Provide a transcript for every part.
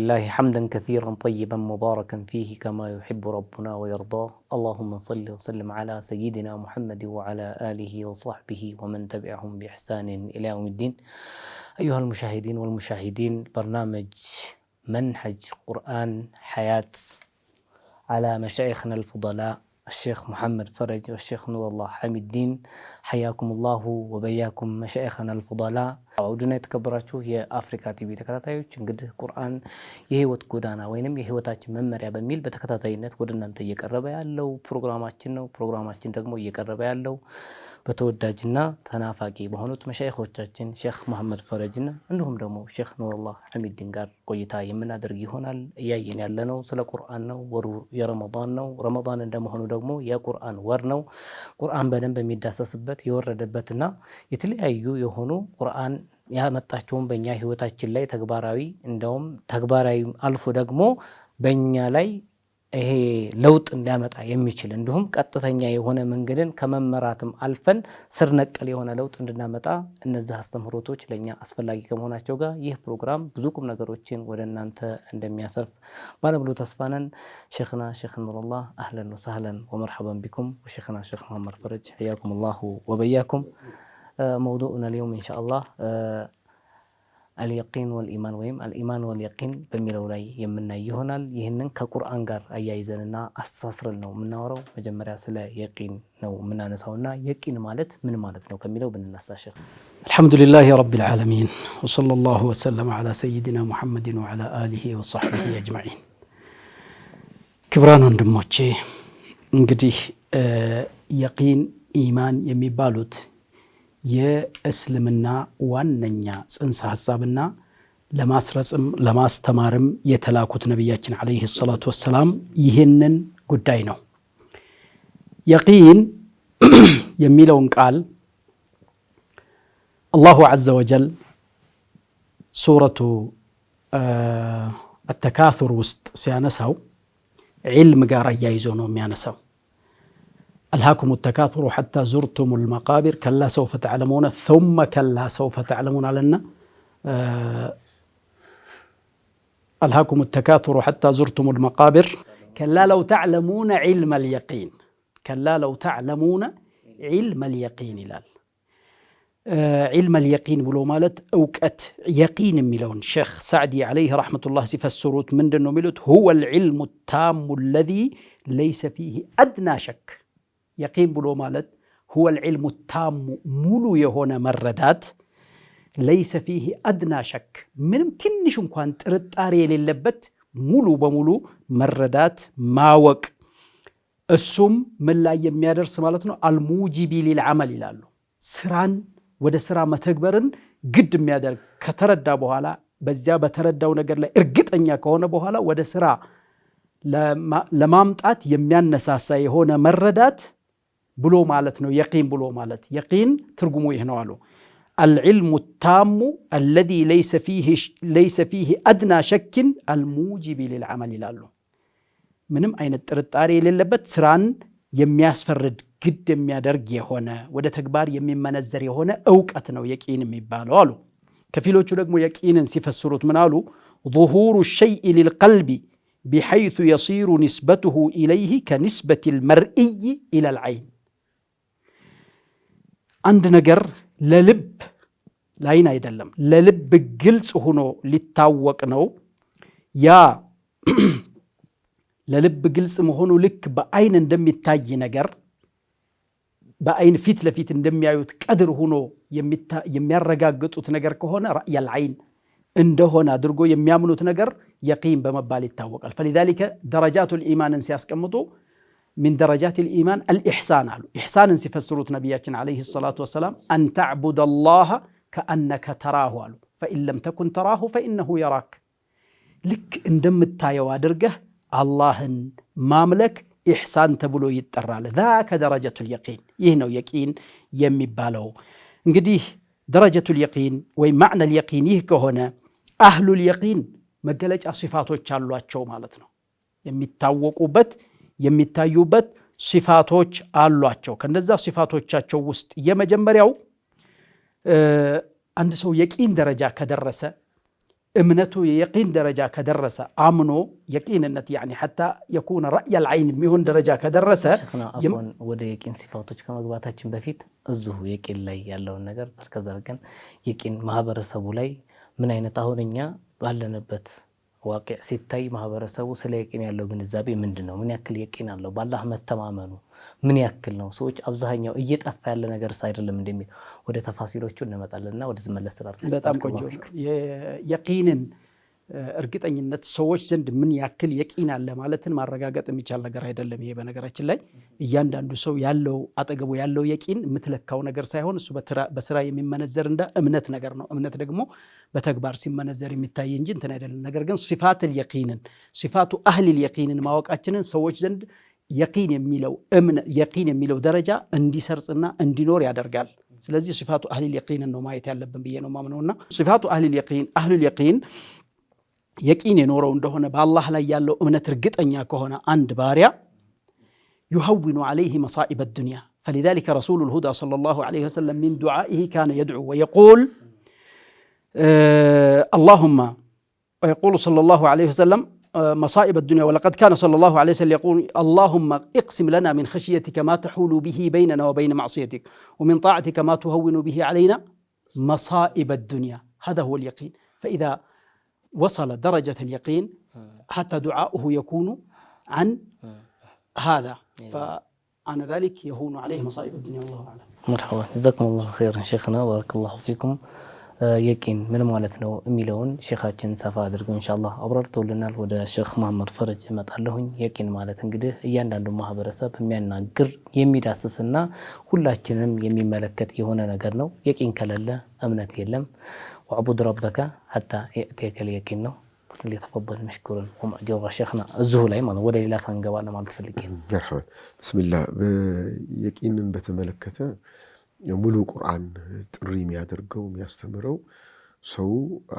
لله حمدا كثيرا طيبا مباركا فيه كما يحب ربنا ويرضاه اللهم صل وسلم على سيدنا محمد وعلى آله وصحبه ومن تبعهم بإحسان إلى يوم الدين أيها المشاهدين والمشاهدين برنامج منهج قرآن حياة على مشايخنا الفضلاء الشيخ محمد فرج والشيخ نور الله حميد الدين حياكم الله وبياكم መሻይኸና አልፉዳላ ውድና የተከበራችሁ የአፍሪካ ቲቪ ተከታታዮች እንግዲህ ቁርአን የህይወት ጎዳና ወይንም የህይወታችን መመሪያ በሚል በተከታታይነት ወደ እናንተ እየቀረበ ያለው ፕሮግራማችን ነው። ፕሮግራማችን ደግሞ እየቀረበ ያለው በተወዳጅና ተናፋቂ በሆኑት መሻይኮቻችን ሼክ መሐመድ ፈረጅና እንዲሁም ደግሞ ሼክ ኑርላህ ሐሚድን ጋር ቆይታ የምናደርግ ይሆናል። እያየን ያለነው ስለ ቁርአን ነው። ወሩ የረመዳን ነው። ረመዳን እንደመሆኑ ደግሞ የቁርአን ወር ነው። ቁርአን በደንብ የሚዳሰስበት የወረደበትና የተለያዩ የሆኑ ቁርአን ያመጣቸውን በእኛ ህይወታችን ላይ ተግባራዊ እንደውም ተግባራዊ አልፎ ደግሞ በእኛ ላይ ይሄ ለውጥ እንዲያመጣ የሚችል እንዲሁም ቀጥተኛ የሆነ መንገድን ከመመራትም አልፈን ስር ነቀል የሆነ ለውጥ እንድናመጣ እነዚህ አስተምህሮቶች ለእኛ አስፈላጊ ከመሆናቸው ጋር ይህ ፕሮግራም ብዙ ቁም ነገሮችን ወደ እናንተ እንደሚያሰርፍ ባለሙሉ ተስፋነን። ሼኽና ሼኽ ኑሩላህ አህለን ወሳህለን ወመርሐበን ቢኩም ወሼኽና ሼኽ መሐመድ ፈረጅ ሕያኩም ላሁ ወበያኩም መውዱእና ልየውም ኢንሻአላህ አልየቂን ወልኢማን ወይም አልኢማን ወልየቂን በሚለው ላይ የምናይ ይሆናል። ይህንን ከቁርአን ጋር አያይዘንና አስተሳስረን ነው የምናወራው። መጀመሪያ ስለ የቂን ነው የምናነሳውና የቂን ማለት ምን ማለት ነው ከሚለው ብንነሳሸፍ። አልሐምዱሊላህ ረቢል ዓለሚን ወሰለላሁ ወሰለም ዓላ ሰይድና ሙሐመድን ወዓላ አሊሂ ወሰሕቢሂ አጅማዒን። ክብራን ወንድሞቼ እንግዲህ የቂን ኢማን የሚባሉት የእስልምና ዋነኛ ጽንሰ ሀሳብና ለማስረጽም ለማስተማርም የተላኩት ነቢያችን ዓለይሂ ሰላቱ ወሰላም ይህንን ጉዳይ ነው። የቂን የሚለውን ቃል አላሁ ዐዘ ወጀል ሱረቱ አተካቱር ውስጥ ሲያነሳው ዒልም ጋር አያይዞ ነው የሚያነሳው። ألهاكم التكاثر حتى زرتم المقابر كلا سوف تعلمون ثم كلا سوف تعلمون لنا آه، ألهاكم التكاثر حتى زرتم المقابر كلا لو تعلمون علم اليقين كلا لو تعلمون علم اليقين آه، علم اليقين አልየቂን أوكأت يقين ملون شيخ سعدي عليه رحمة الله ረሕመቱላህ السروت من دنو ملوت هو العلم التام الذي ليس فيه أدنى شك የቂን ብሎ ማለት ሁወ ልዕልሙ ታሙ ሙሉ የሆነ መረዳት ለይሰ ፊህ አድና ሸክ ምንም ትንሽ እንኳን ጥርጣሬ የሌለበት ሙሉ በሙሉ መረዳት ማወቅ እሱም ምን ላይ የሚያደርስ ማለት ነው። አልሙጂቢ ሊል ዓመል ይላሉ። ስራን ወደ ስራ መተግበርን ግድ የሚያደርግ ከተረዳ በኋላ በዚያ በተረዳው ነገር ላይ እርግጠኛ ከሆነ በኋላ ወደ ስራ ለማምጣት የሚያነሳሳ የሆነ መረዳት ብሎ ማለት ነው። የቂን ብሎ ማለት የቂን ትርጉሙ ይህ ነው አሉ። አልዕልሙ ታሙ አለዚ ለይሰ ፊህ አድና ሸኪን አልሙጂቢ ልልዓመል ይላሉ። ምንም አይነት ጥርጣሬ የሌለበት ስራን የሚያስፈርድ ግድ የሚያደርግ የሆነ ወደ ተግባር የሚመነዘር የሆነ እውቀት ነው የቂን የሚባለው አሉ። ከፊሎቹ ደግሞ የቂንን ሲፈስሩት ምን አሉ? ظሁሩ ሸይእ ልልቀልቢ ቢሐይቱ የሲሩ ንስበቱሁ ኢለይህ ከንስበት ልመርኢይ ኢላ ልዓይን አንድ ነገር ለልብ ለአይን አይደለም ለልብ ግልጽ ሆኖ ሊታወቅ ነው። ያ ለልብ ግልጽ መሆኑ ልክ በአይን እንደሚታይ ነገር በአይን ፊት ለፊት እንደሚያዩት ቀድር ሆኖ የሚያረጋግጡት ነገር ከሆነ ረእየል አይን እንደሆነ አድርጎ የሚያምኑት ነገር የቂን በመባል ይታወቃል። ፈሊዛሊከ ደረጃቱል ኢማንን ሲያስቀምጡ من درجات الإيمان الإحسان إحسانا إحسان سفسروت نبياتنا عليه الصلاة والسلام أن تعبد الله كأنك تراه قالوا فإن لم تكن تراه فإنه يراك لك إن دمت أدرقه الله ملك إحسان تبلو يترى ذاك درجة اليقين يهنو يقين يمي بالو انقديه درجة اليقين ومعنى اليقين هنا أهل اليقين መገለጫ ሲፋቶች مالتنا ማለት ነው وبت የሚታዩበት ሲፋቶች አሏቸው። ከነዛ ሲፋቶቻቸው ውስጥ የመጀመሪያው አንድ ሰው የቂን ደረጃ ከደረሰ እምነቱ የቂን ደረጃ ከደረሰ አምኖ የቂንነት ያኒ ሐታ የኩነ ረእየል ዐይን የሚሆን ደረጃ ከደረሰ ወደ የቂን ሲፋቶች ከመግባታችን በፊት እዚሁ የቂን ላይ ያለውን ነገር ዘርከዘርግን የቂን ማህበረሰቡ ላይ ምን አይነት አሁን እኛ ባለንበት ዋቅዕ ሲታይ ማህበረሰቡ ስለ የቂን ያለው ግንዛቤ ምንድን ነው? ምን ያክል የቂን አለው? ባላህ መተማመኑ ምን ያክል ነው? ሰዎች አብዛኛው እየጠፋ ያለ ነገር አይደለም እንደሚል ወደ ተፋሲሎቹ እንመጣለንና ወደዚህ መለስ ስላል ቆንጆ የቂንን እርግጠኝነት ሰዎች ዘንድ ምን ያክል የቂን አለ ማለትን ማረጋገጥ የሚቻል ነገር አይደለም። ይሄ በነገራችን ላይ እያንዳንዱ ሰው ያለው አጠገቡ ያለው የቂን የምትለካው ነገር ሳይሆን እሱ በስራ የሚመነዘር እንደ እምነት ነገር ነው። እምነት ደግሞ በተግባር ሲመነዘር የሚታይ እንጂ እንትን አይደለም። ነገር ግን ሲፋትል የቂንን ሲፋቱ አህሊል የቂንን ማወቃችንን ሰዎች ዘንድ የቂን የሚለው የቂን የሚለው ደረጃ እንዲሰርጽና እንዲኖር ያደርጋል። ስለዚህ ሲፋቱ አህሊል የቂንን ነው ማየት ያለብን ብዬ ነው ማምነውና ሲፋቱ አህሊል የቂን አህሉል የቂን የቂን የኖረው እንደሆነ በአላህ ላይ ያለው እምነት እርግጠኛ ከሆነ አንድ ባሪያ ዩሀውኑ ዓለይህ መሳኢበ ዱንያ فلذلك رسول الهدى صلى الله عليه وسلم من دعائه كان يدعو ويقول آه اللهم ويقول صلى الله عليه وسلم مصائب الدنيا ولقد كان صلى الله عليه وسلم يقول اللهم اقسم لنا من خشيتك ما تحول به بيننا وبين معصيتك ومن طاعتك ما تهون به علينا مصائب الدنيا هذا هو اليقين فإذا وصل درجة اليقين آه. حتى دعاؤه يكون عن آه. هذا إيه. فأنا ذلك يهون عليه مصائب الدنيا والله أعلم مرحبا جزاكم الله خيرا شيخنا بارك الله فيكم آه، يقين من مالت نو ميلون شيخاتن سفا ان شاء الله ابررتو لنا ود الشيخ محمد فرج يمطالهن يقين مالت انجد ياندندو ماحبرسب ميانناغر يميداسسنا كلاتنم يميملكت يهونه نغر نو يقين كلله امنت يلم ወዕቡድ ረበከ ሐታ የእቴከል የቂን ነው። ሊተፈበል መሽኩርን ወማዕጀራ ሸይኽና እዚሁ ላይ ማለት ወደ ሌላ ሳንገባ ለማለት ፈልጌ ነው። መርሐባን የቂንን በተመለከተ ሙሉ ቁርአን ጥሪ የሚያደርገው የሚያስተምረው ሰው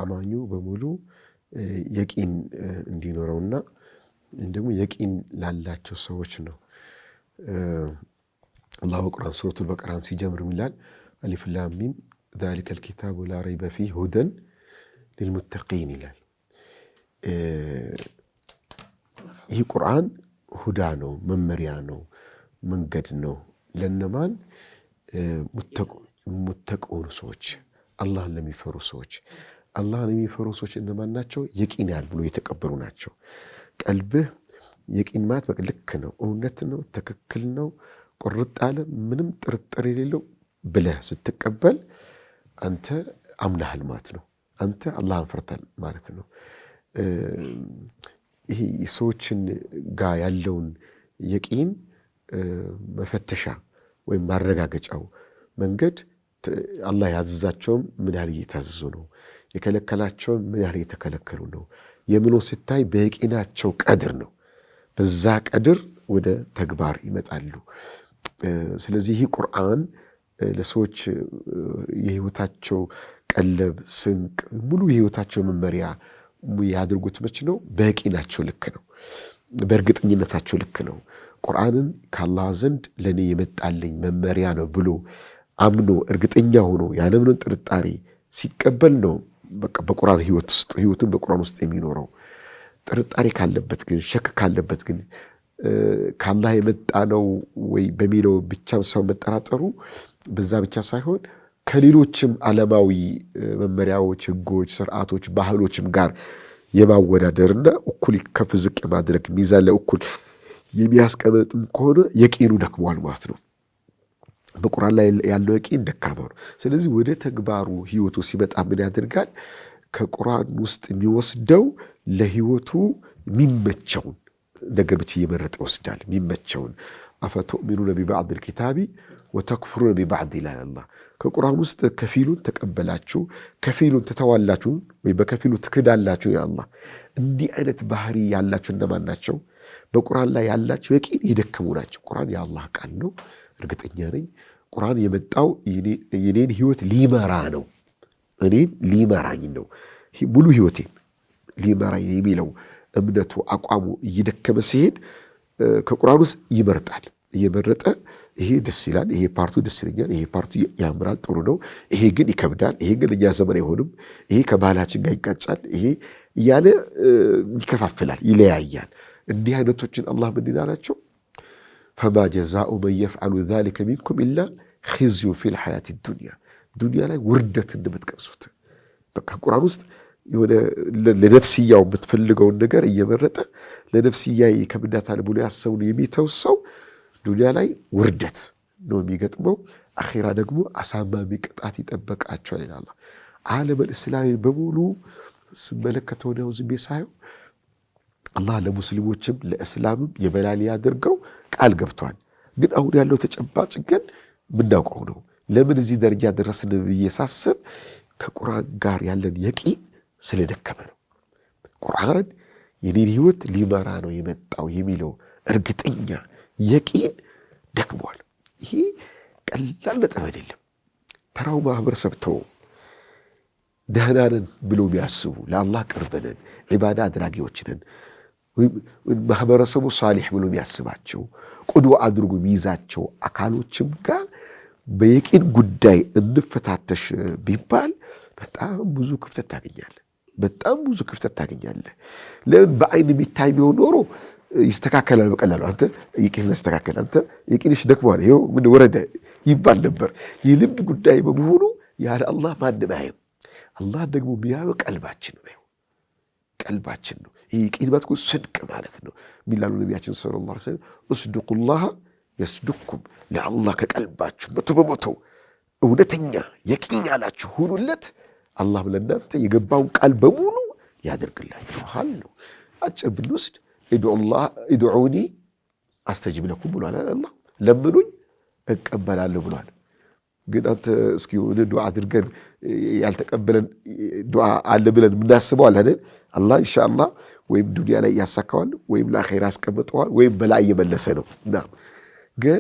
አማኙ በሙሉ የቂን እንዲኖረውና ወይም የቂን ላላቸው ሰዎች ነው። አላህ በቁርአን ሱረቱል በቀራን ሲጀምር ይላል አሊፍ ላም ሚም ዛሊከል ኪታቡ ላ ረይበ ፊህ ሁደን ሊልሙተቂን ይላል። ይህ ቁርአን ሁዳ ነው፣ መመሪያ ነው፣ መንገድ ነው። ለነማን? ሙተቁን ሰዎች፣ አላህን ለሚፈሩ ሰዎች። አላህን የሚፈሩ ሰዎች እነማን ናቸው? የቂን ያህል ብሎ የተቀበሉ ናቸው። ቀልብህ የቂን ማለት በቃ ልክ ነው፣ እውነት ነው፣ ትክክል ነው፣ ቁርጥ አለ፣ ምንም ጥርጥር የሌለው ብለህ ስትቀበል አንተ አምናሃል ማለት ነው። አንተ አላህን ፈርታል ማለት ነው። ይሄ ሰዎችን ጋር ያለውን የቂን መፈተሻ ወይም ማረጋገጫው መንገድ አላህ ያዘዛቸውም ምን ያህል እየታዘዙ ነው፣ የከለከላቸውም ምን ያህል እየተከለከሉ ነው የምኖ ስታይ በቂናቸው ቀድር ነው። በዛ ቀድር ወደ ተግባር ይመጣሉ። ስለዚህ ይህ ቁርአን ለሰዎች የህይወታቸው ቀለብ፣ ስንቅ፣ ሙሉ የህይወታቸው መመሪያ ያድርጉት መች ነው ናቸው፣ ልክ ነው። በእርግጠኝነታቸው ልክ ነው። ቁርአንን ከአላህ ዘንድ ለእኔ የመጣልኝ መመሪያ ነው ብሎ አምኖ እርግጠኛ ሆኖ ያለምንም ጥርጣሬ ሲቀበል ነው በቁርአን ህይወት ውስጥ ህይወትን በቁርአን ውስጥ የሚኖረው። ጥርጣሬ ካለበት ግን ሸክ ካለበት ግን ከአላህ የመጣ ነው ወይ በሚለው ብቻ ሰው መጠራጠሩ በዛ ብቻ ሳይሆን ከሌሎችም ዓለማዊ መመሪያዎች፣ ህጎች፣ ስርዓቶች፣ ባህሎችም ጋር የማወዳደርና እኩል ከፍ ዝቅ የማድረግ ሚዛን ላይ እኩል የሚያስቀምጥም ከሆነ የቂኑ ደክሟል ማለት ነው። በቁርአን ላይ ያለው የቂን ደካማ ነው። ስለዚህ ወደ ተግባሩ ህይወቱ ሲመጣ ምን ያደርጋል? ከቁርአን ውስጥ የሚወስደው ለህይወቱ የሚመቸውን ነገር ብቻ እየመረጠ ይወስዳል። የሚመቸውን አፈቱእሚኑነ ቢባዕድል ልኪታቢ ወተክፍሩን ቢባዕድ ይላል አላህ። ከቁርአን ውስጥ ከፊሉን ተቀበላችሁ፣ ከፊሉን ትተዋላችሁ ወይ በከፊሉ ትክዳላችሁ። አላህ እንዲህ አይነት ባህሪ ያላችሁ እነማን ናቸው? በቁርአን ላይ ያላቸው የቂን የደከሙ ናቸው። ቁርአን የአላህ ቃል ነው፣ እርግጠኛ ነኝ። ቁርአን የመጣው የኔን ህይወት ሊመራ ነው፣ እኔን ሊመራኝ ነው። ሙሉ ህይወቴን ሊመራኝ የሚለው እምነቱ አቋሙ እየደከመ ሲሄድ ከቁርአን ውስጥ ይመርጣል። እየመረጠ ይሄ ደስ ይላል፣ ይሄ ፓርቱ ደስ ይለኛል፣ ይሄ ፓርቱ ያምራል፣ ጥሩ ነው፣ ይሄ ግን ይከብዳል፣ ይሄ ግን እኛ ዘመን አይሆንም፣ ይሄ ከባህላችን ጋር ይጋጫል፣ ይሄ እያለ ይከፋፍላል፣ ይለያያል። እንዲህ አይነቶችን አላህ ምንድን አላቸው? ፈማ ጀዛኡ መን የፍዓሉ ዛሊከ ሚንኩም ኢላ ኺዝዩን ፊል ሐያቲ ዱንያ፣ ዱንያ ላይ ውርደት እንደምትቀምሱት። በቃ ቁርአን ውስጥ የሆነ ለነፍስያው የምትፈልገውን ነገር እየመረጠ ለነፍስያ ይከብዳታል ብሎ ያሰብነው የሚተው ሰው ዱንያ ላይ ውርደት ነው የሚገጥመው፣ አኼራ ደግሞ አሳማሚ ቅጣት ይጠበቃቸዋል ይላል። ዓለመል እስላሚ በሙሉ ስመለከተው ነው ዝም ሳየው አላህ ለሙስሊሞችም ለእስላምም የበላል ያድርገው ቃል ገብቷል። ግን አሁን ያለው ተጨባጭ ግን ምናውቀው ነው። ለምን እዚህ ደረጃ ደረስን ብዬ ሳስብ ከቁርአን ጋር ያለን የቂን ስለደከመ ነው። ቁርአን የኔን ህይወት ሊመራ ነው የመጣው የሚለው እርግጠኛ የቂን ደክሟል። ይሄ ቀላል ነጥብ አይደለም። ተራው ማህበረሰብ ተው ደህናንን ብሎ የሚያስቡ ለአላህ ቅርብንን ዒባዳ አድራጊዎችንን ማህበረሰቡ ሳሊሕ ብሎ የሚያስባቸው ቁድዋ አድርጎ የሚይዛቸው አካሎችም ጋር በየቂን ጉዳይ እንፈታተሽ ቢባል በጣም ብዙ ክፍተት ታገኛለህ። በጣም ብዙ ክፍተት ታገኛለህ። ለምን በአይን የሚታይ ቢሆን ኖሮ ይስተካከላል በቀላሉ አንተ የቂን ያስተካከል አንተ የቂንሽ ደክሟል ይኸው ወረደ ይባል ነበር። የልብ ጉዳይ በመሆኑ ያለ አላህ ማንም አያየው። አላህ ደግሞ የሚያየው ቀልባችን ነው። ቀልባችን ነው። ይህ የቂን ማለት ስድቅ ማለት ነው። የሚላሉ ነቢያችን ሰለላሁ ዐለይሂ ወሰለም እስድቁላህ የስድኩም ለአላህ ከቀልባችሁ መቶ በመቶ እውነተኛ የቂን ያላችሁ ሁኑለት፣ አላህም ለእናንተ የገባውን ቃል በሙሉ ያደርግላችኋል ነው አጭር ብንወስድ ኢድዑኒ አስተጅብ ለኩም ብሏል። አላህ ለምኑኝ እቀበላለሁ ብሏል። ግን አንተ እስኪ የሆነ ዱዓ አድርገን ያልተቀበለን ዱዓ አለ ብለን የምናስበው አለ አላህ ኢንሻአላህ ወይም ዱንያ ላይ ያሳካዋል ወይም ለአኼራ ያስቀምጠዋል ወይም በላይ እየመለሰ ነው እና ግን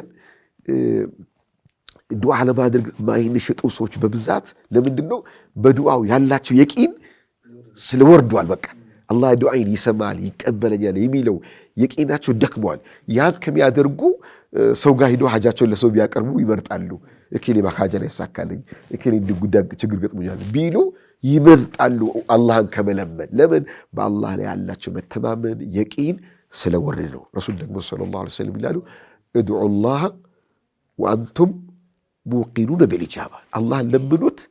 ዱዓ ለማድረግ ማይንሽጡ ሰዎች በብዛት ለምንድን ነው? በዱዓው ያላቸው የቂን ስለወርዷል በቃ አላህ ዱዓይን ይሰማል፣ ይቀበለኛል የሚለው የቂናቸው ደክሟል። ያን ከሚያደርጉ ሰው ጋር ሂዶ ሀጃቸውን ለሰው ቢያቀርቡ ይመርጣሉ። እኬሌ ባካጃ ላይ ይሳካልኝ፣ እኬሌ ችግር ገጥሞኛል ቢሉ ይመርጣሉ አላህን ከመለመን። ለምን? በአላህ ላይ ያላቸው መተማመን የቂን ስለወረደ ነው። ረሱል ደግሞ ሰለላሁ ዐለይሂ ወሰለም ይላሉ እድዑ ላህ ወአንቱም ሙቂኑነ ቢልኢጃባ አላህን ለምኑት፣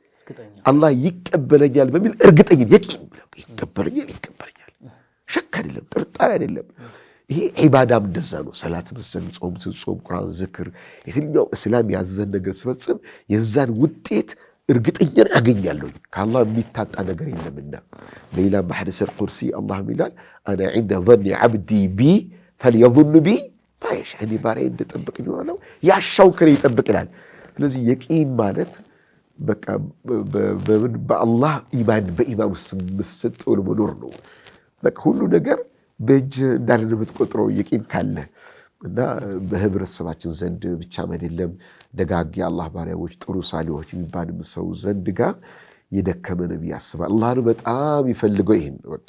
አላህ ይቀበለኛል በሚል እርግጠኝን የቂን ይቀበለኛል ይቀበለኛል ሸክ አይደለም፣ ጥርጣሬ አይደለም። ይሄ ዒባዳም እንደዛ ነው። ሰላት ምሰን ጾም ስንጾም፣ ቁርአን ዝክር፣ የትኛው እስላም ያዘን ነገር ስፈጽም የዛን ውጤት እርግጠኛን አገኛለሁ። ከአላህ የሚታጣ ነገር የለምና በሌላ በሐዲሰል ቁርሲ አላህም ይላል አነ ዒንደ ዘኒ ዓብዲ ቢ ፈልየዙን ቢ ባየሽ እኔ ባሪያ እንደጠብቅ ይኖራለው ያሻው ከእኔ ይጠብቅ ይላል። ስለዚህ የቂን ማለት በቃ በአላህ ኢማን በኢማን ውስጥ ምስጥ ብሎ መኖር ነው። በቃ ሁሉ ነገር በእጅ እንዳለ የምትቆጥረው የቂም ካለ እና በህብረተሰባችን ዘንድ ብቻ አይደለም ደጋግ የአላህ ባሪያዎች ጥሩ ሳሊዎች የሚባልም ሰው ዘንድ ጋር የደከመ ነው ያስባል። አላህን በጣም ይፈልገው ይህን በቃ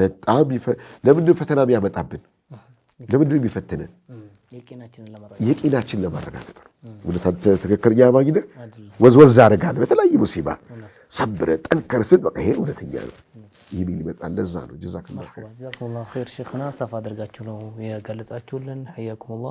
በጣም ለምንድን ፈተና የሚያመጣብን? ለምንድን የሚፈትነን? የቂናችንን ለማረጋገጥ ነው። ትክክለኛ አማኝነት ወዝወዝ አደርጋለሁ በተለያየ ሙሲባ ሰብረ ጠንከር ስል በቃ ይሄ እውነተኛ ነው የሚል ይመጣል። ለዛ ነው ጀዛኩም ላሁ ኸይር ሼክና፣ ሰፋ አድርጋችሁ ነው የገለጻችሁልን። ሐያኩም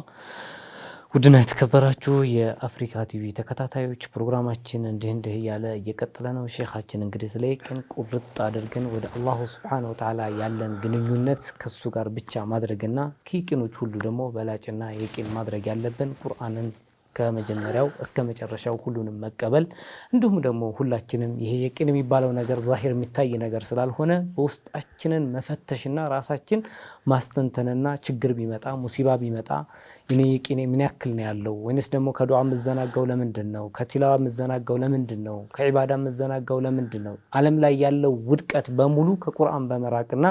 ውድና የተከበራችሁ የአፍሪካ ቲቪ ተከታታዮች ፕሮግራማችን እንዲህ እንዲህ እያለ እየቀጠለ ነው። ሼኻችን እንግዲህ ስለ ቅን ቁርጥ አድርገን ወደ አላሁ ስብሓነሁ ወተዓላ ያለን ግንኙነት ከሱ ጋር ብቻ ማድረግና ከቂኖች ሁሉ ደግሞ በላጭና የቂን ማድረግ ያለብን ቁርአንን ከመጀመሪያው እስከ መጨረሻው ሁሉንም መቀበል እንዲሁም ደግሞ ሁላችንም ይሄ የቂን የሚባለው ነገር ዛሂር የሚታይ ነገር ስላልሆነ በውስጣችንን መፈተሽና ራሳችን ማስተንተንና ችግር ቢመጣ ሙሲባ ቢመጣ እኔ የቂኔ ምን ያክል ነው ያለው? ወይንስ ደግሞ ከዱዓ የምዘናጋው ለምንድን ነው? ከቲላዋ የምዘናጋው ለምንድን ነው? ከዒባዳ የምዘናጋው ለምንድን ነው? ዓለም ላይ ያለው ውድቀት በሙሉ ከቁርአን በመራቅና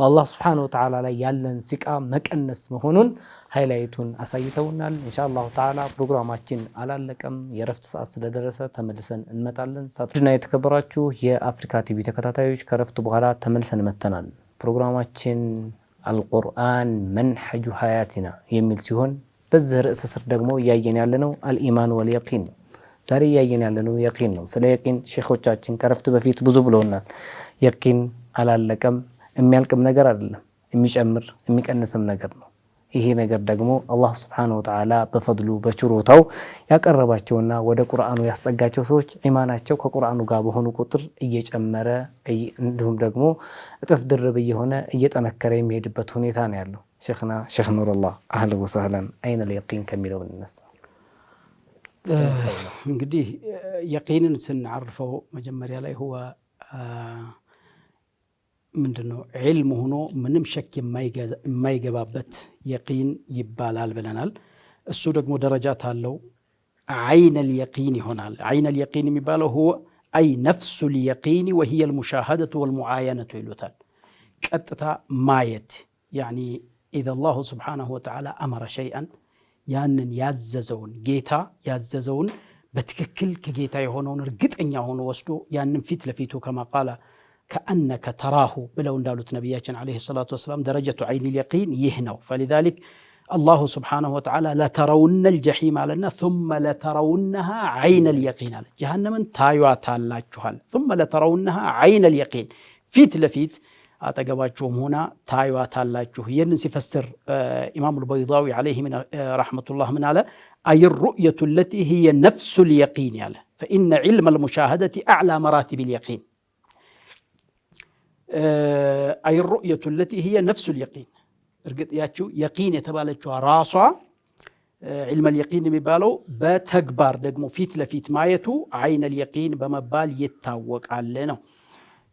በአላህ ስብሓነሁ ወተዓላ ላይ ያለን ሲቃ መቀነስ መሆኑን ሃይላይቱን አሳይተውናል። ኢንሻአላሁ ተዓላ ፕሮግራማችን አላለቀም። የረፍት ሰዓት ስለደረሰ ተመልሰን እንመጣለን። ሳትና የተከበራችሁ የአፍሪካ ቲቪ ተከታታዮች ከረፍት በኋላ ተመልሰን መተናል። ፕሮግራማችን አልቁርአን መንሐጁ ሀያቲና የሚል ሲሆን በዚህ ርዕስ ስር ደግሞ እያየን ያለነው አልኢማን ወልየቂን ነው። ዛሬ እያየን ያለነው የቂን ነው። ስለ የቂን ሼኾቻችን ከረፍት በፊት ብዙ ብለውናል። የቂን አላለቀም፣ የሚያልቅም ነገር አይደለም፣ የሚጨምር የሚቀንስም ነገር ነው። ይሄ ነገር ደግሞ አላህ ስብሓነሁ ወተዓላ በፈድሉ በችሮታው ያቀረባቸውና ወደ ቁርአኑ ያስጠጋቸው ሰዎች ኢማናቸው ከቁርአኑ ጋር በሆኑ ቁጥር እየጨመረ እንዲሁም ደግሞ እጥፍ ድርብ እየሆነ እየጠነከረ የሚሄድበት ሁኔታ ነው ያለው። ሼኽና ሼኽ ኑረላህ አህለን ወሰህለን አይነል የቂን ከሚለው እንነሳ። እንግዲህ የቂንን ስናርፈው መጀመሪያ ላይ ምንድነው ዒልም ሆኖ ምንም ሸክ የማይገባበት የቂን ይባላል ብለናል። እሱ ደግሞ ደረጃት አለው። ዓይነል የቂን ይሆናል። ዓይነል የቂን የሚባለው ሁወ አይ ነፍሱል የቂን ወሂየ ልሙሻሃደቱ ወልሙዓያነቱ ይሉታል። ቀጥታ ማየት ያኒ ኢዘ አላሁ ስብሓነሁ ወተዓላ አመረ ሸይአን ያንን ያዘዘውን ጌታ ያዘዘውን በትክክል ከጌታ የሆነውን እርግጠኛ ሆኖ ወስዶ ያንን ፊት ለፊቱ ከማቃላ ከአነከ ተራሁ ብለው እንዳሉት ነቢያችን ዓለይሂ ሰላቱ ወሰላም ደረጀቱ ዐይን ልየቂን ይህ ነው። ፈሊዛሊክ አላሁ ስብሓነሁ ወተዓላ ለተረውነ ልጀሒም አለና ثመ ለተረውነሃ ዐይነ ልየቂን አለ። ጀሃነምን ታዩታላችኋል። ثመ ለተረውነሃ ዐይነ ልየቂን ፊት ለፊት አጠገባችሁም ሆና ታዩታላችሁ። ይህንን ሲፈስር ኢማሙ ልበይዳዊ ዓለይሂ ረሕመቱላህ ምን አለ? አይ ሩእየቱ ለቲ ህየ ነፍሱ ልየቂን ያለ ፈኢነ ዒልመ ልሙሻሃደቲ አዕላ መራቲብ ልየቂን آه، أي الرؤية التي هي نفس اليقين رقيتشو يقين شو راسع آه، علم اليقين مبالو هكبار دقمو فيت لفيت مايتو عين اليقين بما بال يتاوق علينا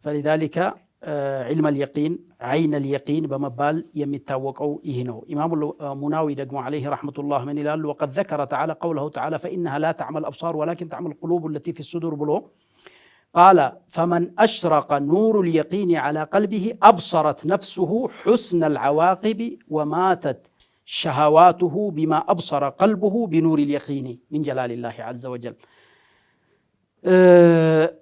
فلذلك آه، علم اليقين عين اليقين بما بال بمبال أو إهنو إمام المناوي دقمو عليه رحمة الله من الله وقد ذكر تعالى قوله تعالى فإنها لا تعمل أبصار ولكن تعمل القلوب التي في الصدور بلو قال فمن أشرق نور اليقين على قلبه أبصرت نفسه حسن العواقب وماتت شهواته بما أبصر قلبه بنور اليقين من جلال الله عز وجل أه،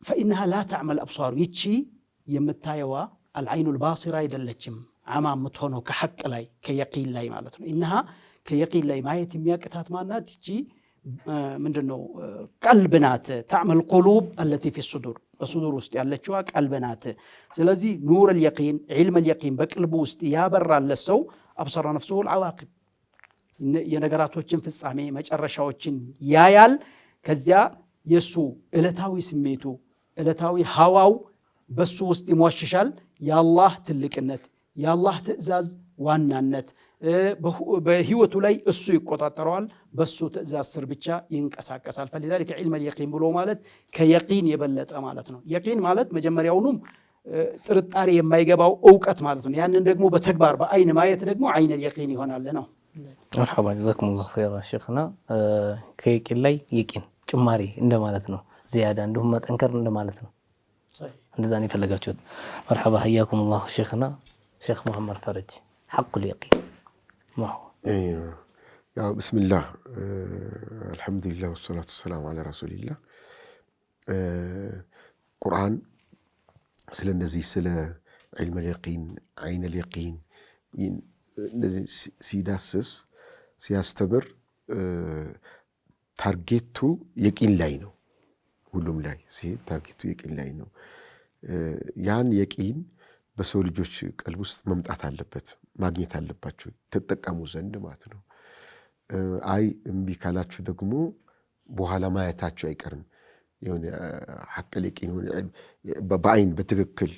فإنها لا تعمل أبصار يتشي يمتايوا العين الباصرة አይደለችም አማ متونو كحق لاي كيقين لاي ማለት إنها كيقين لاي ما يتم የሚያቅታት ማናት ይቺ ምንድን ነው ቀልብ ናት። ታዕመል ቁሉብ አለቲ ፊ ሱዱር በሱዱር ውስጥ ያለችዋ ቀልብ ናት። ስለዚህ ኑር ልየቂን ዒልም ልየቂን በቅልቡ ውስጥ ያበራለት ሰው አብሰራ ነፍሱሁ ልዓዋቂብ የነገራቶችን ፍጻሜ መጨረሻዎችን ያያል። ከዚያ የእሱ ዕለታዊ ስሜቱ ዕለታዊ ሀዋው በሱ ውስጥ ይሟሽሻል። የአላህ ትልቅነት የአላህ ትዕዛዝ ዋናነት በህይወቱ ላይ እሱ ይቆጣጠረዋል። በሱ ትዕዛዝ ስር ብቻ ይንቀሳቀሳል። ፈሊዛሊከ ዒልመል የቂን ብሎ ማለት ከየቂን የበለጠ ማለት ነው። የቂን ማለት መጀመሪያውኑም ጥርጣሬ የማይገባው እውቀት ማለት ነው። ያንን ደግሞ በተግባር በአይን ማየት ደግሞ አይነል የቂን ይሆናል ነው። መርሐባ ጀዛኩሙላሁ ኸይራ ሼኽና፣ ከየቂን ላይ የቂን ጭማሪ እንደማለት ነው። ዚያዳ እንዲሁም መጠንከር እንደማለት ነው። እንደዛ ነው የፈለጋችሁት። መርሐባ ሀያኩም ላሁ شيخ محمد فرج حق اليقين ما هو؟ ايوه بسم الله آه الحمد لله والصلاه والسلام على رسول الله آه قران سلا نزي سلا علم اليقين عين اليقين نزي سيداسس سيستمر ታርጌቱ የቂን ላይ ነው ሁሉም ላይ ታርጌቱ የቂን لاينو يعني ያን የቂን በሰው ልጆች ቀልብ ውስጥ መምጣት አለበት፣ ማግኘት አለባቸው ተጠቀሙ ዘንድ ማለት ነው። አይ እምቢ ካላችሁ ደግሞ በኋላ ማየታችሁ አይቀርም። የሆነ ሐቀል በአይን በትክክል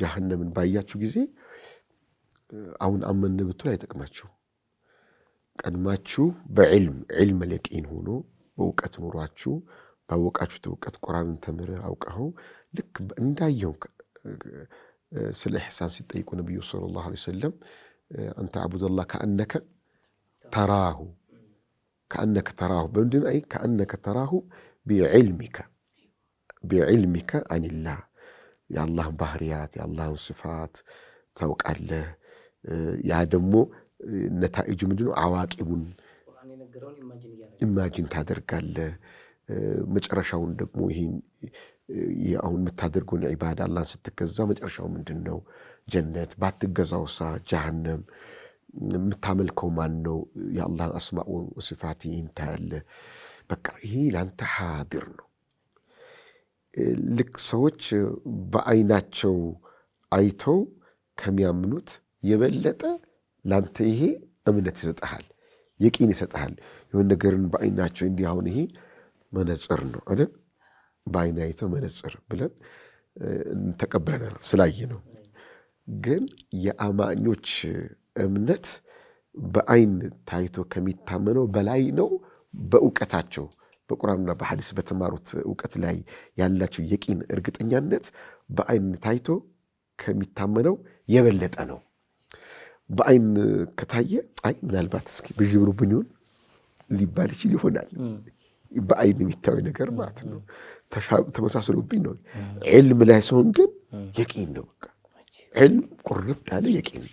ጀሃነምን ባያችሁ ጊዜ አሁን አመን ብትሉ አይጠቅማችሁ። ቀድማችሁ በዕልም ዕልም ለቂን ሆኖ በእውቀት ኑሯችሁ ባወቃችሁት እውቀት ቁርአንን ተምረ አውቀኸው ልክ እንዳየው ስለ ኢሕሳን ሲጠይቁ ነቢዩ ሰለላሁ ዐለይሂ ወሰለም አንተ አቡደላህ ከአነከ ተራሁ ከአነከ ተራሁ በምንድን አይ ከአነከ ተራሁ ቢዕልሚከ ቢዕልሚከ አኒላህ የአላህን ባህርያት የአላህን ስፋት ታውቃለህ። ያ ደግሞ ነታኢጁ ምንድን ነው? አዋቂቡን ኢማጂን ታደርጋለህ። መጨረሻውን ደግሞ ይህን አሁን የምታደርገውን ዒባዳ አላህን ስትገዛ መጨረሻው ምንድን ነው? ጀነት። ባትገዛው ሳ ጀሃነም። የምታመልከው ማን ነው? የአላህ አስማ ወሲፋት ይህን ታያለህ። በቃ ይሄ ለአንተ ሀድር ነው። ልክ ሰዎች በአይናቸው አይተው ከሚያምኑት የበለጠ ለአንተ ይሄ እምነት ይሰጠሃል፣ የቂን ይሰጠሃል። የሆን ነገርን በአይናቸው እንዲህ አሁን ይሄ መነጽር ነው አይደል? በአይን አይተው መነጽር ብለን ተቀብለናል ስላየ ነው። ግን የአማኞች እምነት በአይን ታይቶ ከሚታመነው በላይ ነው። በእውቀታቸው በቁርአንና በሐዲስ በተማሩት እውቀት ላይ ያላቸው የቂን እርግጠኛነት በአይን ታይቶ ከሚታመነው የበለጠ ነው። በአይን ከታየ አይ ምናልባት እስኪ ብዥ ይሆን ሊባል ይችል ይሆናል። በአይን የሚታዩ ነገር ማለት ነው። ተመሳሰሉብኝ ነው። ዕልም ላይ ሲሆን ግን የቂን ነው። በቃ ዕልም ቁርጥ ያለ የቂን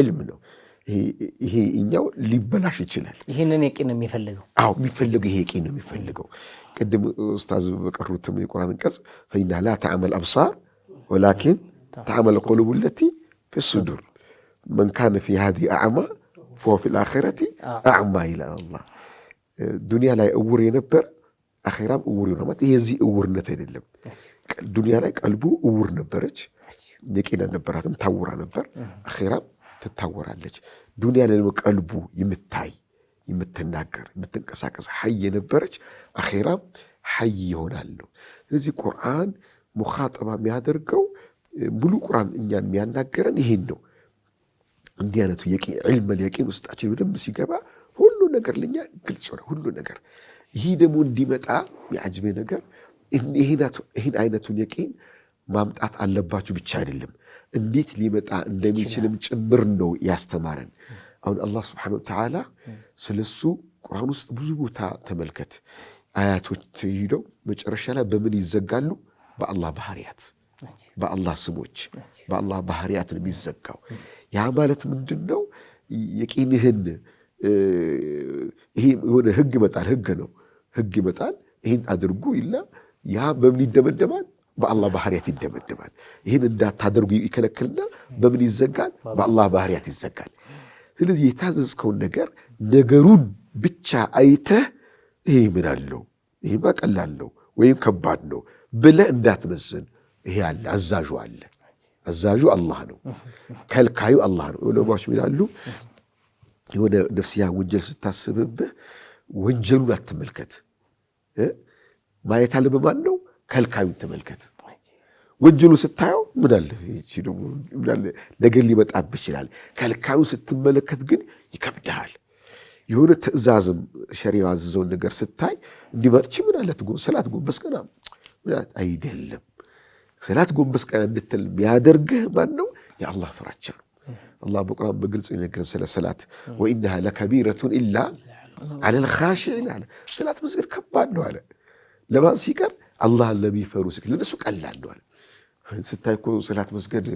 ዕልም ነው። ይሄ እኛው ሊበላሽ ይችላል። ይህንን የቂን ነው የሚፈልገው። አዎ የሚፈልገው ይሄ የቂን ነው የሚፈልገው። ቅድም ኡስታዝ በቀሩትም የቁርአን አንቀጽ ፈኢና ላ ተዕመል አብሳር ወላኪን ተዕመል ቁሉቡ ለቲ ፊ ሱዱር መን ካነ ፊ ሃዚ አዕማ ፎ ፊ ልአኺረቲ አዕማ ይላል አላህ ዱንያ ላይ እውር የነበረ አኼራም እውር ይሆናል ማለት ይሄ የዚህ እውርነት አይደለም። ዱንያ ላይ ቀልቡ እውር ነበረች፣ የቂን አልነበራትም፣ ታውራ ነበር። አኼራም ትታወራለች። ዱንያ ላይ ደግሞ ቀልቡ የምታይ የምትናገር የምትንቀሳቀስ ሀይ የነበረች አኼራም ሀይ ይሆናል ስለዚህ ቁርአን ሙኻጠባ የሚያደርገው ሙሉ ቁርአን እኛን የሚያናገረን ይህን ነው። እንዲህ አይነቱ ዒልመል የቂን ውስጣችን በደንብ ሲገባ ነገር ለኛ ግልጽ ሆነ፣ ሁሉ ነገር። ይህ ደግሞ እንዲመጣ የአጅሜ ነገር ይህን አይነቱን የቂን ማምጣት አለባችሁ ብቻ አይደለም፣ እንዴት ሊመጣ እንደሚችልም ጭምር ነው ያስተማረን። አሁን አላህ ስብሐነሁ ወተዓላ ስለሱ ቁርአን ውስጥ ብዙ ቦታ ተመልከት። አያቶች ሄደው መጨረሻ ላይ በምን ይዘጋሉ? በአላህ ባህርያት፣ በአላህ ስሞች፣ በአላህ ባህሪያት ነው የሚዘጋው። ያ ማለት ምንድን ነው? የቂንህን ይሄ የሆነ ህግ ይመጣል። ህግ ነው፣ ህግ ይመጣል። ይህን አድርጉ ይላ ያ በምን ይደመደማል? በአላህ ባህርያት ይደመደማል። ይህን እንዳታደርጉ ይከለክልና በምን ይዘጋል? በአላህ ባህርያት ይዘጋል። ስለዚህ የታዘዝከውን ነገር ነገሩን ብቻ አይተህ ይሄ ምን አለው፣ ይሄማ ቀላል ነው ወይም ከባድ ነው ብለህ እንዳትመዝን። ይሄ አለ፣ አዛዡ አለ። አዛዡ አላህ ነው፣ ከልካዩ አላህ ነው። ዑለማዎች ይላሉ የሆነ ነፍስያ ወንጀል ስታስብብህ ወንጀሉን አትመልከት። ማየት አለመማን ነው። ከልካዩን ተመልከት። ወንጀሉ ስታየው ምናለ ነገር ሊመጣብህ ይችላል። ከልካዩን ስትመለከት ግን ይከብድሃል። የሆነ ትእዛዝም ሸሪዓ ያዘዘውን ነገር ስታይ እንዲመርች ምናለት ሰላት ጎንበስ ቀና አይደለም። ሰላት ጎንበስ ቀና እንድትል የሚያደርግህ ማን ነው? የአላህ ፍራቻ ነው። አላህ በቁርአን በግልጽ ይነግረን ስለ ሰላት ወኢነሃ ለከቢረቱን ኢላ አለል ኻሺዒን አለ። ሰላት መስገድ ከባድ ነው አለ። ለማን ሲቀር አላህን ለሚፈሩ ሲቀር፣ ለነሱ ቀላል ነው አለ። ስታይ እኮ ሰላት መስገድ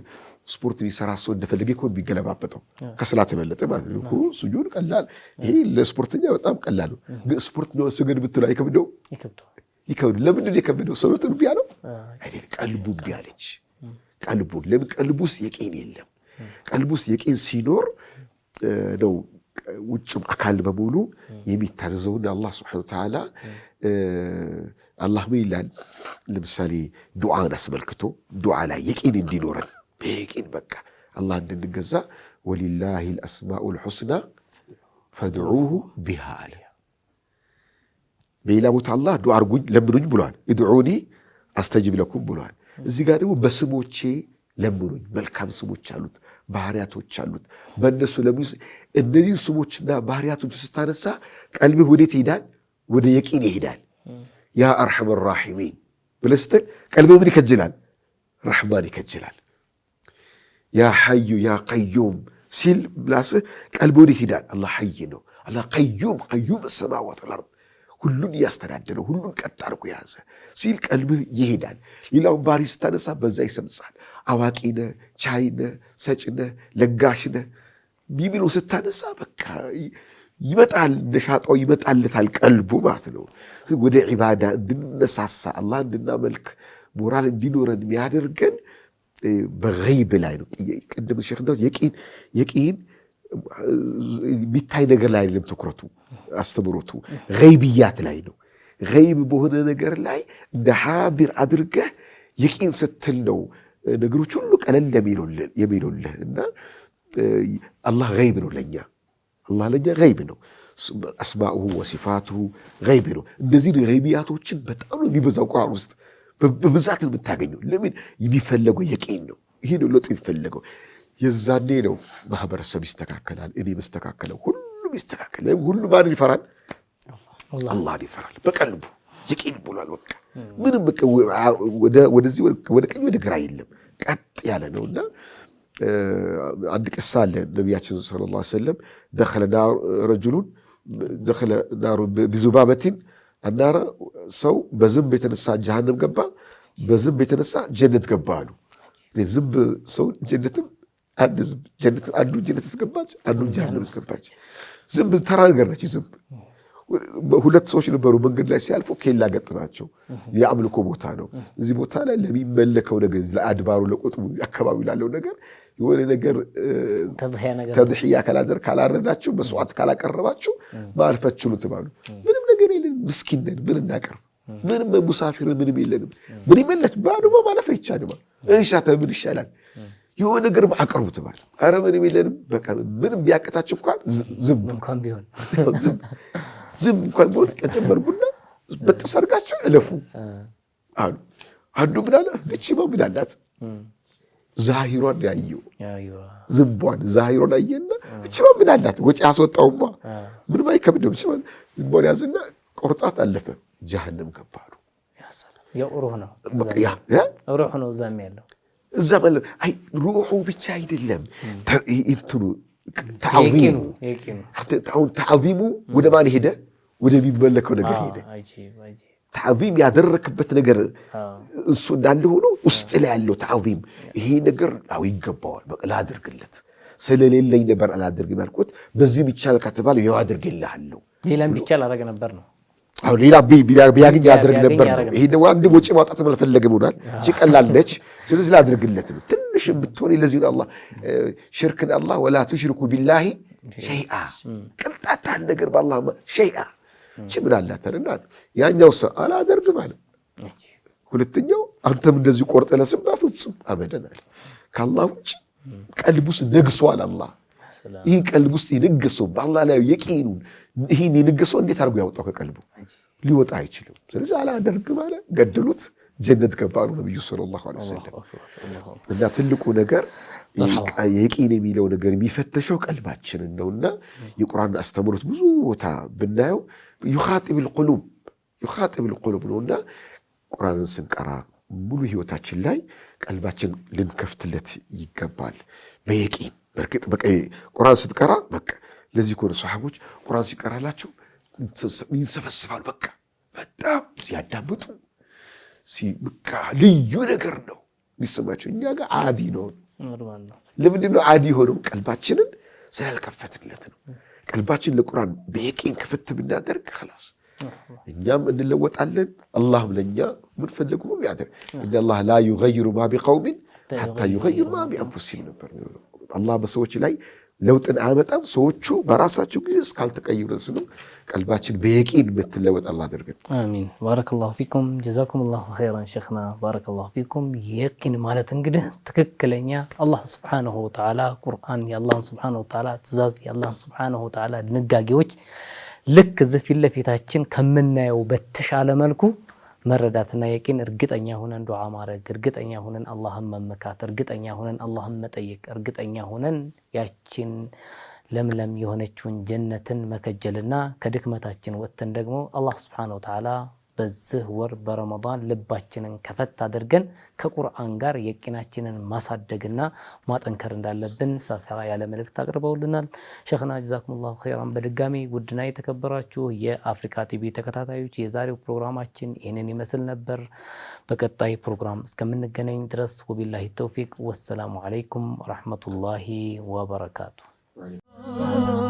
ስፖርት የሚሰራ ሰው እንደፈለገ እኮ የሚገለባበጠው ከሰላት የበለጠ ማለት ነው። ሱጁድ ቀላል፣ ይሄ ለስፖርተኛ በጣም ቀላል ነው። ግን ስፖርት ነው ስገድ ብትለው አይከብደው ይከብድ። ለምንድን ነው የከበደው? ሰውነቱ እምቢ አለው። ቀልቡ እምቢ አለች። ቀልቡን ለምን ቀልቡ ውስጥ የቄን የለም ቀልብ ውስጥ የቂን ሲኖር ነው ውጭም አካል በሙሉ የሚታዘዘውን አላህ ስብሐነሁ ወተዓላ አላህ ምን ይላል? ለምሳሌ ዱዓን አስመልክቶ ዱዓ ላይ የቂን እንዲኖረን በየቂን በቃ አላህ እንድንገዛ ወሊላሂ ልአስማኡል ሑስና ፈድዑሁ ቢሃ አለ። በሌላ ቦታ አላህ ዱዓ አርጉኝ ለምኑኝ ብሏል። እድዑኒ አስተጅብ ለኩም ብሏል። እዚህ ጋር ደግሞ በስሞቼ ለምኑኝ መልካም ስሞች አሉት። ባህርያቶች አሉት። በእነሱ ለብሉስ እነዚህ ስሞችና ባህርያቶች ስታነሳ ቀልብህ ወዴት ይሄዳል? ወደ የቂን ይሄዳል። ያ አርሐም ራሒሚን ብለህ ስትል ቀልብህ ምን ይከጅላል? ረሕማን ይከጅላል። ያ ሐዩ ያ ቀዩም ሲል ምላስህ ቀልብ ወዴት ይሄዳል? አላህ ሐይ ነው። አላህ ቀዩም ቀዩም ሰማዋት አልአርድ ሁሉን እያስተዳደረ ሁሉን ቀጥ አድርጎ የያዘ ሲል ቀልብህ ይሄዳል። ሌላውን ባህሪ ስታነሳ በዛ ይሰምጻል። አዋቂ አዋቂነ ቻይነ ሰጭነ ለጋሽነ ቢብሎ ስታነሳ በቃ ይመጣል ነሻጣው ይመጣልታል ቀልቡ ማለት ነው። ወደ ዒባዳ እንድንነሳሳ አላህ እንድናመልክ ሞራል እንዲኖረን የሚያደርገን በይብ ላይ ነው። ቅድም ሼክ የቂን የሚታይ ነገር ላይ አይደለም ትኩረቱ አስተምሮቱ ይብያት ላይ ነው። ይብ በሆነ ነገር ላይ እንደ ሓዲር አድርገህ የቂን ስትል ነው ነገሮች ሁሉ ቀለል የሚሉልህ እና አላህ ገይብ ነው ለእኛ አላህ ለእኛ ገይብ ነው። አስማኡሁ ወሲፋቱሁ ገይብ ነው። እነዚህን ገይቢያቶችን በጣም ነው የሚበዛው ቁርአን ውስጥ በብዛት የምታገኘው። ለምን የሚፈለገው የቂን ነው። ይሄ ነው ለውጥ የሚፈለገው። የዛኔ ነው ማህበረሰብ ይስተካከላል። እኔ መስተካከለው ሁሉም ይስተካከላል። ሁሉ ማንን ይፈራል? አላህን ይፈራል። በቀልቡ የቂን ብሏል። በቃ ምንም ወደዚህ ወደ ቀኝ ወደ ግራ የለም፣ ቀጥ ያለ ነው እና አንድ ቅሳ አለ ነቢያችን ሰለላሁ ዐለይሂ ወሰለም ደኸለ ረጁሉን ደኸለ ናሩ ቢዙባበቲን አናረ ሰው በዝንብ የተነሳ ጀሃንም ገባ፣ በዝንብ የተነሳ ጀነት ገባ አሉ። ዝንብ ሰው ጀነትም አንዱ ጀነት አስገባች፣ አንዱ ጀሃንም አስገባች። ዝንብ ተራ ነገር ነች ዝንብ ሁለት ሰዎች ነበሩ መንገድ ላይ ሲያልፉ ኬላ ገጥማቸው የአምልኮ ቦታ ነው። እዚህ ቦታ ላይ ለሚመለከው ነገር ለአድባሩ፣ ለቁጥቡ አካባቢ ላለው ነገር የሆነ ነገር ተድሕያ ካላደር ካላረዳችሁ መስዋዕት ካላቀረባችሁ ማልፈችሉ ትባሉ። ምንም ነገር የለን ምስኪን ነን። ምን እናቀርብ? ምንም ሙሳፊር ምንም የለንም። ምን ይመለች ባዶማ ማለፍ አይቻልም። እንሻተ ምን ይሻላል? የሆነ ነገር አቅርቡ ትባል። አረ ምንም የለንም። በቃ ምንም ቢያቅታችሁ እንኳን ዝም ዝም እንኳን በሆነ ቀጨመርኩና በጥስ አድርጋችሁ እለፉ አሉ። አንዱ ምናለ አለ እቺማ ምን ዛሂሯን ያየው ዝንቧን ዛሂሯን አየና እችማ ምናላት ወጪ ያስወጣውማ ምንም አይከብድም። እቺማ ዝንቧን ያዝና ቆርጣት አለፈ። ጀሃንም ገባሉ። እዛ አይ ሩሑ ብቻ አይደለም እንትኑ ተዓዚሙ ወደ ማን ሄደ ወደሚመለከው ነገር ሄደ። ታዕዚም ያደረክበት ነገር እሱ እንዳለ ሆኖ ውስጥ ላይ ያለው ታዕዚም ይሄ ነገር አዎ ይገባዋል፣ በቃ አድርግለት ስለሌለኝ ነበር አላድርግ ያልኩት። በዚህ ቢቻል ከተባለ ያው አድርግልሃለሁ። ሌላም ቢቻል አደረገ ነበር ነው ሌላ ቢያገኝ ያደርግ ነበር ነው። ይሄ አንድ ወጪ ማውጣት አልፈለግም ሆናል። እቺ ቀላል ነች። ስለዚህ ላድርግለት ነው ትንሽ ብትሆን። ለዚህ አላህ ሽርክን አላ ወላ ትሽርኩ ቢላሂ ሸይአ ቅንጣታን ነገር በአላህ ሸይአ ችግር ምን አላተን እና ያኛው ሰው አላደርግም አለ። ሁለተኛው አንተም እንደዚህ ቆርጠ ለስም ፍጹም አበደናል አለ። ውጭ ቀልብ ውስጥ ነግሷል። አላ ይህ ቀልብ ውስጥ የነገሰው በአላህ ላይ የቂኑን ይህን የነገሰው እንዴት አድርጎ ያወጣው ከቀልቡ ሊወጣ አይችልም። ስለዚህ አላደርግም አለ። ገደሉት፣ ጀነት ገባ ነው ነቢዩ ሰለላሁ ዐለይሂ ወሰለም። እና ትልቁ ነገር የቂን የሚለው ነገር የሚፈተሸው ቀልባችንን ነውና የቁርአን አስተምሮት ብዙ ቦታ ብናየው ዩኻጢብል ቁሉብ ዩኻጢብል ቁሉብ ነው እና ስንቀራ ሙሉ ህይወታችን ላይ ቀልባችን ልንከፍትለት ይገባል። በየቂን በእርግጥ በቃ ቁርአን ስትቀራ በቃ ለዚህ ከሆነ ሰሓቦች ቁርአን ሲቀራላቸው ይንሰፈስፋል። በቃ በጣም ሲያዳምጡ በቃ ልዩ ነገር ነው የሚሰማቸው። እኛ ጋር አዲ ነው። ለምንድን አዲ ሆነው? ቀልባችንን ስላልከፈትለት ነው። ቀልባችን ለቁርአን በየቂን ክፍት ብናደርግ ላስ እኛም እንለወጣለን። አላህም ለእኛ የምንፈለጉ ሁሉ ያደርግ። እና አላህ ላ ዩገይሩ ማ ቢቀውሚን ሐታ ዩገይሩ ማ ቢአንፉሲም ነበር። አላህ በሰዎች ላይ ለውጥን አያመጣም። ሰዎቹ በራሳቸው ጊዜ እስካልተቀየሩ ድረስ ቀልባችን በየቂን ምትለወጥ አላህ አድርገን። አሚን። ባረከላሁ ፊኩም ጀዛኩሙላሁ ኸይራን ሸይኽና። ባረከላሁ ፊኩም። የቂን ማለት እንግዲህ ትክክለኛ አላህ ስብሓነሁ ወተዓላ ቁርአን፣ የአላህን ስብሓነሁ ወተዓላ ትእዛዝ፣ የአላህን ስብሓነሁ ወተዓላ ድንጋጌዎች ልክ እዚህ ፊት ለፊታችን ከምናየው በተሻለ መልኩ መረዳትና የቂን እርግጠኛ ሆነን ዱዓ ማድረግ፣ እርግጠኛ ሆነን አላህን መመካት፣ እርግጠኛ ሆነን አላህን መጠየቅ፣ እርግጠኛ ሆነን ያችን ለምለም የሆነችውን ጀነትን መከጀልና ከድክመታችን ወጥተን ደግሞ አላህ ስብሓነሁ ወተዓላ በዚህ ወር በረመዳን ልባችንን ከፈት አድርገን ከቁርአን ጋር የቂናችንን ማሳደግና ማጠንከር እንዳለብን ሰፋ ያለ መልእክት አቅርበውልናል። ሸይኽና ጀዛኩሙላሁ ኸይራን። በድጋሚ ውድና የተከበራችሁ የአፍሪካ ቲቪ ተከታታዮች የዛሬው ፕሮግራማችን ይህንን ይመስል ነበር። በቀጣይ ፕሮግራም እስከምንገናኝ ድረስ ወቢላሂ ተውፊቅ ወሰላሙ አለይኩም ወረሕመቱላሂ ወበረካቱ።